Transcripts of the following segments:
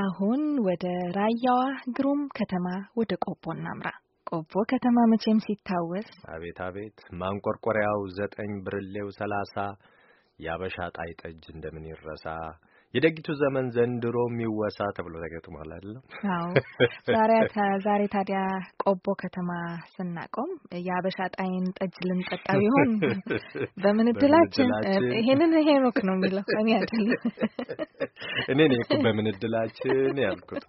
አሁን ወደ ራያዋ ግሩም ከተማ ወደ ቆቦ እናምራ። ቆቦ ከተማ መቼም ሲታወስ አቤት አቤት ማንቆርቆሪያው ዘጠኝ ብርሌው ሰላሳ ያበሻ ጣይ ጠጅ እንደምን ይረሳ የደጊቱ ዘመን ዘንድሮ የሚወሳ ተብሎ ተገጥሟል አይደለም? አዎ። ዛሬ ታዲያ ቆቦ ከተማ ስናቆም የአበሻ ጣይን ጠጅ ልንጠጣ ቢሆን በምን እድላችን ይሄንን ሄኖክ ነው የሚለው እኔ አይደለም። እኔ ነኝ እኮ በምን እድላችን ያልኩት።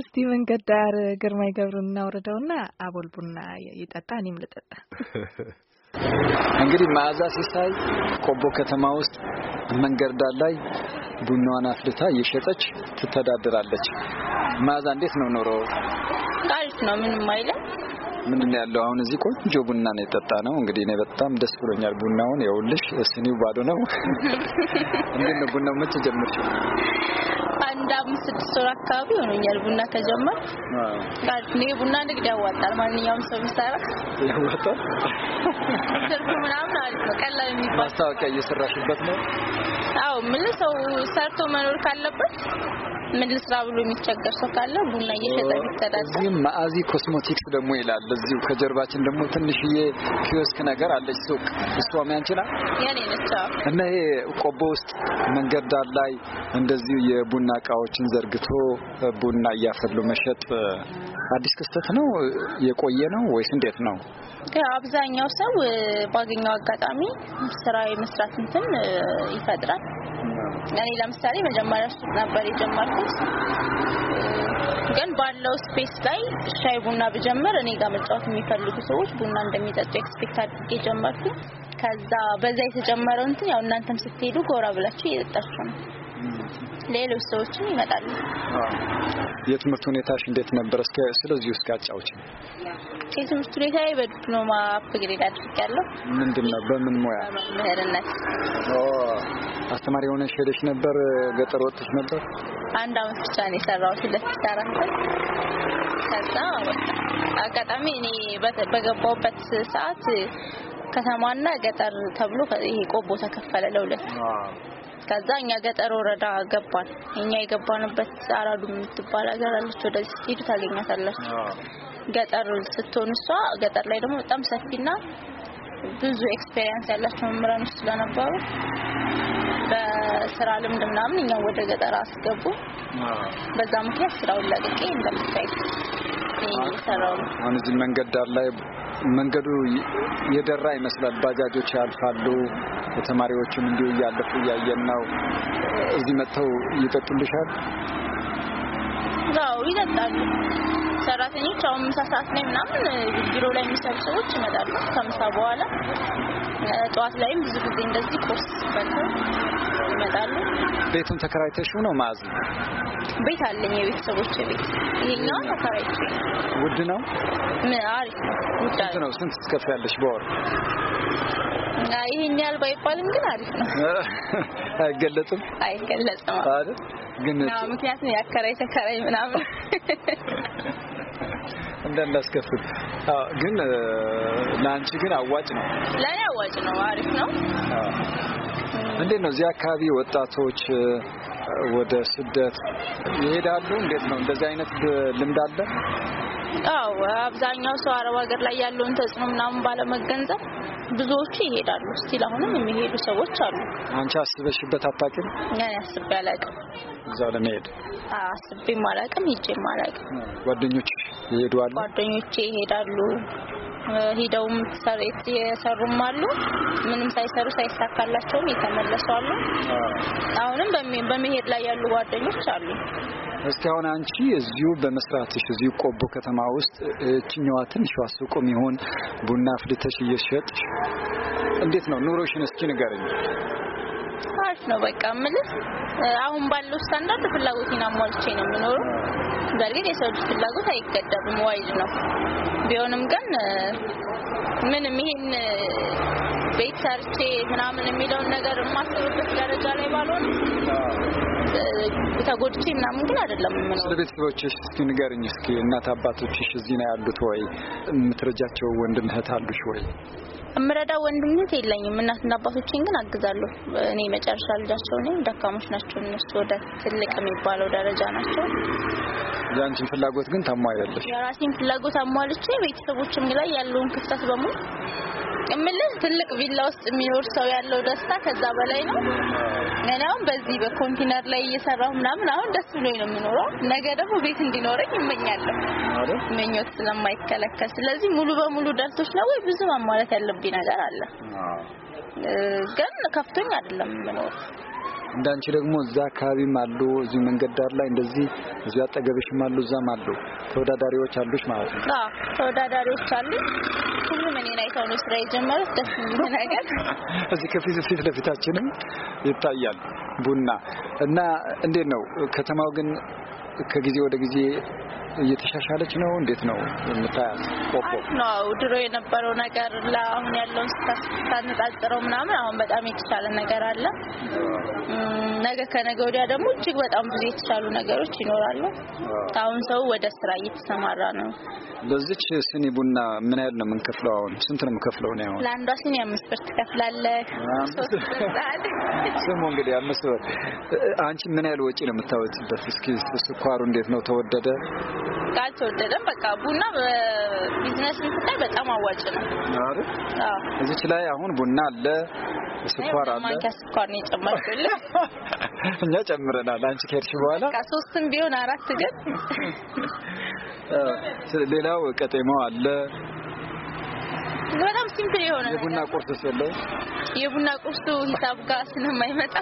እስቲ መንገድ ዳር ግርማይ ገብሩን እናውርደውና አቦል ቡና ይጠጣ፣ እኔም ልጠጣ። እንግዲህ መዓዛ ሲሳይ ቆቦ ከተማ ውስጥ መንገድ ዳር ላይ ቡናዋን አፍልታ እየሸጠች ትተዳደራለች። መዓዛ እንዴት ነው ኖሮ? አሪፍ ነው፣ ምንም አይልም። ምንድን ያለው አሁን እዚህ ቆንጆ ቡና ነው የጠጣ ነው። እንግዲህ እኔ በጣም ደስ ብሎኛል። ቡናውን የውልሽ ስኒው ባዶ ነው። እንዴት ነው ቡናው መቼ ጀመርሽ? አንድ አምስት ስድስት ወር አካባቢ ሆኖኛል ቡና ከጀመር። እኔ ቡና ንግድ ያዋጣል፣ ማንኛውም ሰው ቢሰራ ያዋጣል። ትርፉ ምናምን አሪፍ ነው፣ ቀላል የሚባል ማስታወቂያ እየሰራሽበት ነው። አዎ ምን ሰው ሰርቶ መኖር ካለበት ምን ልስራ ብሎ የሚቸገር ሰው ካለ ቡና እየሸጠ ቢተዳደር። እዚህም ማአዚ ኮስሞቲክስ ደግሞ ይላል። እዚሁ ከጀርባችን ደግሞ ትንሽዬ ኪዮስክ ነገር አለች ሱቅ፣ እሷም ያንቺ ናት የኔ ነች። እና ይሄ ቆቦ ውስጥ መንገድ ዳር ላይ እንደዚሁ የቡና እቃዎችን ዘርግቶ ቡና እያፈሉ መሸጥ አዲስ ክስተት ነው የቆየ ነው ወይስ እንዴት ነው? አብዛኛው ሰው ባገኘው አጋጣሚ ስራ የመስራት እንትን ይፈጥራል። እኔ ለምሳሌ መጀመሪያ እሱ ነበር የጀመርኩት። ግን ባለው ስፔስ ላይ ሻይ ቡና ብጀምር እኔ ጋር መጫወት የሚፈልጉ ሰዎች ቡና እንደሚጠጡ ኤክስፔክት አድርጌ ጀመርኩ። ከዛ በዛ የተጀመረው እንትን ያው እናንተም ስትሄዱ ጎራ ብላችሁ እየጠጣችሁ ነው፣ ሌሎች ሰዎችም ይመጣሉ። የትምህርት ሁኔታሽ እንዴት ነበር? እስከ ስለዚህ ውስጥ አጫውቺ። የትምህርት ሁኔታ በዲፕሎማ አፕግሬድ አድርጌያለሁ። ምንድን ነው? በምን ሙያ? በመምህርነት። አስተማሪ የሆነሽ ሄደሽ ነበር ገጠር ወጥተሽ ነበር? አንድ አመት ብቻ ነው የሰራሁት ሁለት ሺህ አራት ከዛ አጋጣሚ እኔ በገባሁበት ሰዓት ከተማና ገጠር ተብሎ ይሄ ቆቦ ተከፈለ ለሁለት። ከዛ እኛ ገጠር ወረዳ ገባን። እኛ የገባንበት አራዱ የምትባል ሀገር አለች። ወደዚህ ስትሄዱ ታገኛታላችሁ። ገጠር ስትሆን እሷ ገጠር ላይ ደግሞ በጣም ሰፊና ብዙ ኤክስፔሪንስ ያላቸው መምህራኖች ስለነበሩ በስራ ልምድ ምናምን እኛው ወደ ገጠር አስገቡ። በዛ ምክንያት ስራውን ለቅቄ እንደምታይ አሁን እዚህ መንገድ ዳር ላይ መንገዱ የደራ ይመስላል። ባጃጆች ያልፋሉ። ተማሪዎችም እንዲሁ እያለፉ እያየን ነው። እዚህ መጥተው ይጠጡልሻል። አዎ ይጠጣሉ። ሰራተኞች አሁን ምሳ ሰዓት ላይ ምናምን ቢሮ ላይ የሚሰሩ ሰዎች ይመጣሉ ከምሳ በኋላ። ጠዋት ላይም ብዙ ጊዜ እንደዚህ ቁርስ በልተው ይመጣሉ። ቤቱን ተከራይተሽው ነው መዓዝ? ቤት አለኝ የቤተሰቦች ቤት። ይሄኛው ተከራይቼ። ውድ ነው? አሪፍ ውድ ነው። ስንት ትከፍያለሽ በወር? ይሄን ያህል ባይባልም ግን አሪፍ ነው። አይገለጽም አይገለጽም አይደል? ግን ምክንያቱም ያከራይ ተከራይ ምናምን እንዳናስከፍል ግን ለአንቺ ግን አዋጭ ነው። ለእኔ አዋጭ ነው። አሪፍ ነው። እንዴት ነው እዚህ አካባቢ ወጣቶች ወደ ስደት ይሄዳሉ? እንዴት ነው እንደዚህ አይነት ልምድ አለ? አዎ አብዛኛው ሰው አረብ ሀገር ላይ ያለውን ተጽዕኖ ምናምን ባለመገንዘብ ብዙዎቹ ይሄዳሉ። ስቲል አሁንም የሚሄዱ ሰዎች አሉ። አንቺ አስበሽበት አታውቂም? እኔ አስቤ አላውቅም። እዛ ለመሄድ አስቤም አላውቅም፣ ሂጄም አላውቅም። ጓደኞች ይሄዱ አሉ፣ ጓደኞቼ ይሄዳሉ። ሂደውም ሰሬት የሰሩም አሉ። ምንም ሳይሰሩ ሳይሳካላቸውም የተመለሱ አሉ። አሁንም በሚሄድ ላይ ያሉ ጓደኞች አሉ። እስካሁን አንቺ እዚሁ በመስራትሽ እዚሁ ቆቦ ከተማ ውስጥ እችኛዋ ትንሿ ሱቁም ይሁን ቡና አፍልተሽ እየሸጥሽ እንዴት ነው ኑሮሽን እስኪ ንገረኝ። አሪፍ ነው በቃ የምልህ አሁን ባለው ስታንዳርድ ፍላጎቴን አሟልቼ ነው የሚኖረው። በእርግጥ የሰው ልጅ ፍላጎት አይገደብም፣ ዋይድ ነው። ቢሆንም ግን ምንም ይሄን ቤት ሰርቼ ምናምን የሚለውን ነገር የማስብበት ደረጃ ላይ ባልሆነ ተጎድቼ ምናምን ግን አይደለም። ስለ ቤተሰቦችሽ እስኪ ንገርኝ እስኪ እናት አባቶችሽ እዚህ ነው ያሉት ወይ? የምትረጃቸው ወንድም እህት አሉሽ ወይ? እምረዳ ወንድምነት እህት የለኝም። እናትና አባቶቼን ግን አግዛለሁ። እኔ መጨረሻ ልጃቸው ነኝ። ደካሞች ናቸው እነሱ፣ ወደ ትልቅ የሚባለው ደረጃ ናቸው። የአንቺን ፍላጎት ግን ታሟ አይደለሽ? የራሴን ፍላጎት አሟልቼ ቤተሰቦችም ላይ ያለውን ክፍተት በሙሉ እምልህ ትልቅ ቪላ ውስጥ የሚኖር ሰው ያለው ደስታ ከዛ በላይ ነው። እኔ አሁን በዚህ በኮንቲነር ላይ እየሰራሁ ምናምን አሁን ደስ ብሎኝ ነው የምኖረው። ነገ ደግሞ ቤት እንዲኖረኝ ይመኛለሁ። ምኞት ስለማይከለከል ስለዚህ ሙሉ በሙሉ ደርቶች ነው ወይ ብዙ ማሟላት ያለብኝ ነገር አለ። ግን ከፍቶኝ አይደለም የምኖረው። እንዳንቺ ደግሞ እዛ አካባቢም አሉ፣ እዚሁ መንገድ ዳር ላይ እንደዚህ እዚሁ አጠገብሽም አሉ፣ እዛም አሉ ተወዳዳሪዎች አሉሽ ማለት ነው። አዎ ተወዳዳሪዎች አሉ። ሁሉም እኔን አይተው ነው ስራ የጀመሩት። ደስ የሚል ነገር እዚህ ከፊት ፊት ለፊታችንም ይታያል ቡና እና እንዴት ነው ከተማው ግን ከጊዜ ወደ ጊዜ እየተሻሻለች ነው። እንዴት ነው የምታያት? ኦፖ ነው። ድሮ የነበረው ነገር ለአሁን ያለውን ስታነጻጽረው ምናምን አሁን በጣም የተሻለ ነገር አለ። ነገ ከነገ ወዲያ ደግሞ እጅግ በጣም ብዙ የተሻሉ ነገሮች ይኖራሉ። አሁን ሰው ወደ ስራ እየተሰማራ ነው። በዚች ስኒ ቡና ምን ያህል ነው የምንከፍለው? አሁን ስንት ነው የምከፍለው? ነው አሁን ለአንዷ ስኒ አምስት ብር ትከፍላለህ። ስሙ እንግዲህ አምስት ብር። አንቺ ምን ያህል ወጪ ነው የምታወጥበት? እስኪ እሱ ስኳሩ እንዴት ነው? ተወደደ? አልተወደደም። በቃ ቡና በቢዝነስ ላይ በጣም አዋጭ ነው አይደል? አዎ። እዚች ላይ አሁን ቡና አለ፣ ስኳር አለ። ማንኪያ ስኳር ነው የጨመርኩልህ። እኛ ጨምረናል። አንቺ ከሄድሽ በኋላ በቃ ሶስትም ቢሆን አራት ግን ሌላው ቀጤማው አለ። በጣም ሲምፕል የሆነ የቡና ቁርስ ስለለው የቡና ቁርሱ ሂሳብ ጋር ስለማይመጣ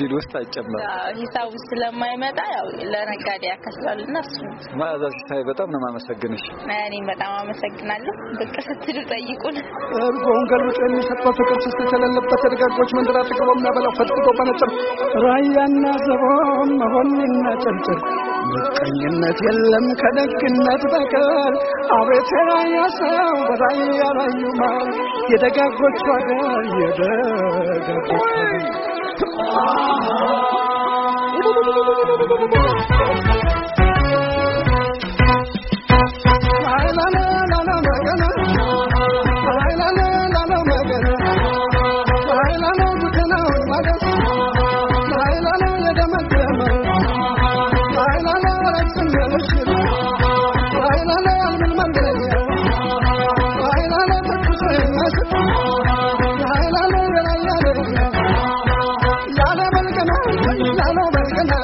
ዲል ውስጥ አይጨመርም። ሂሳቡ ስለማይመጣ ያው ለነጋዴ ያከስላልና እነሱ ማዕዛ ሲሳይ በጣም ነው የማመሰግንሽ። እኔም በጣም አመሰግናለሁ። ብቅ ስትሉ ጠይቁን። እርጎውን ገልብጦ የሚሰጠው ፍቅር ስስት የሌለበት የደጋጎች መንደር አጥግቦ የሚያበላው ፈጥቶ በነጭር ራያና ዘቦም መሆንና ጨርጭር ምቀኝነት የለም ከደግነት በቀር አቤት የራያ ሰው በራያ ላዩማል የደጋጎች ሀገር የደጋጎች ሀገር 老老白人男。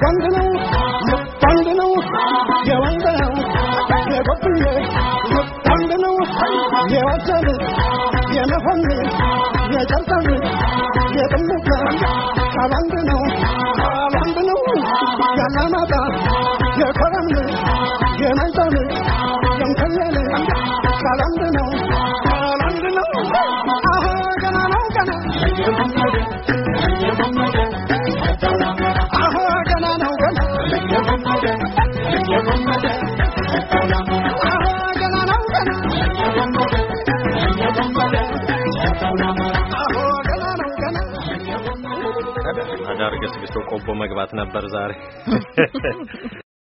Yeah, what's up? Yeah, my family. Yeah, tell me. ቆቦ መግባት ነበር ዛሬ